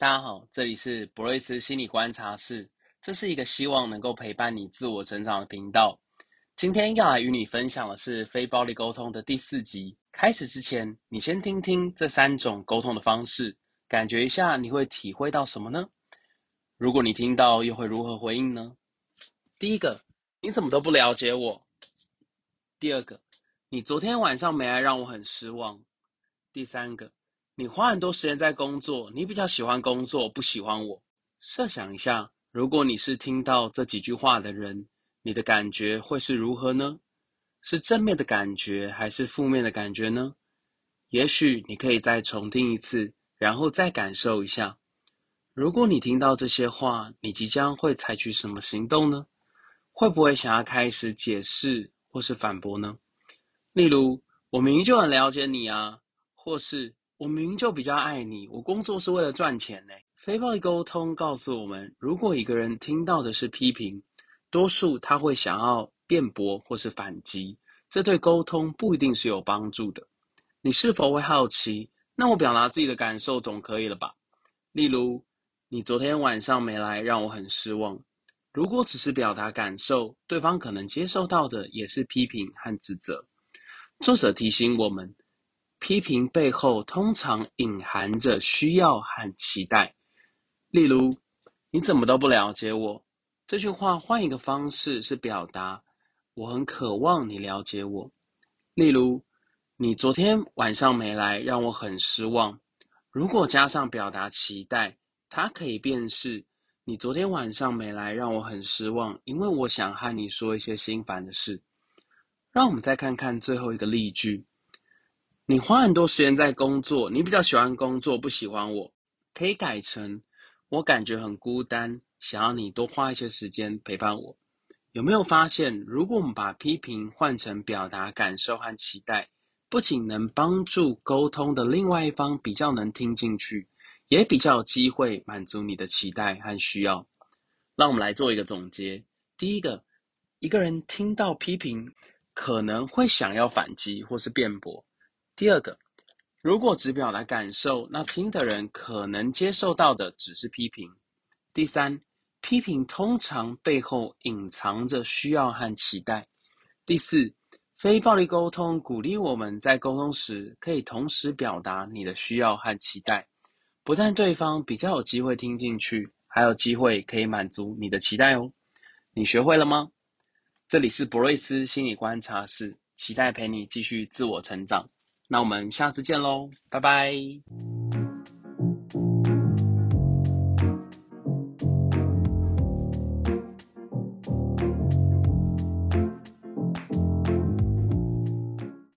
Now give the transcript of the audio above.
大家好，這裡是博瑞斯心理觀察室，這是一個希望能夠陪伴你自我成長的頻道。今天要來與你分享的是非暴力溝通的第四集。開始之前，你先聽聽這三種溝通的方式，感覺一下你會體會到什麼呢？如果你聽到，又會如何回應呢？第一個，你怎麼都不了解我；第二個，你昨天晚上沒來讓我很失望；第三個。你花很多時間在工作，你比較喜歡工作，不喜歡我。設想一下，如果你是聽到這幾句話的人，你的感覺會是如何呢？是正面的感覺，還是負面的感覺呢？也許你可以再重聽一次，然後再感受一下。如果你聽到這些話，你即將會採取什麼行動呢？會不會想要開始解釋或是反駁呢？例如，我明明就很了解你啊，或是。我明明就比較愛你，我工作是為了賺錢呢。非暴力溝通告訴我們，如果一個人聽到的是批評，多數他會想要辯駁或是反擊，這對溝通不一定是有幫助的。你是否會好奇？那我表達自己的感受總可以了吧？例如，你昨天晚上沒來，讓我很失望。如果只是表達感受，對方可能接受到的也是批評和指責。作者提醒我們。批評背後通常隱含着需要和期待，例如，你怎麼都不了解我？這句話換一個方式是表達，我很渴望你了解我。例如，你昨天晚上沒來，讓我很失望。如果加上表達期待，它可以便是，你昨天晚上沒來，讓我很失望，因為我想和你說一些心煩的事。讓我們再看看最後一個例句。你花很多時間在工作，你比較喜歡工作，不喜歡我。可以改成，我感覺很孤單，想要你多花一些時間陪伴我。有沒有發現，如果我們把批評換成表達感受和期待，不僅能幫助溝通的另外一方比較能聽進去，也比較有機會滿足你的期待和需要。讓我們來做一個總結。第一個，一個人聽到批評，可能會想要反擊或是辯駁。第二個，如果只表達感受，那聽的人可能接受到的只是批評。第三，批評通常背後隱藏着需要和期待。第四，非暴力溝通鼓勵我們在溝通時可以同時表達你的需要和期待，不但對方比較有機會聽進去，還有機會可以滿足你的期待哦。你學會了嗎？這裡是博瑞斯心理觀察室，期待陪你繼續自我成長。那我們下次見嘍，拜拜。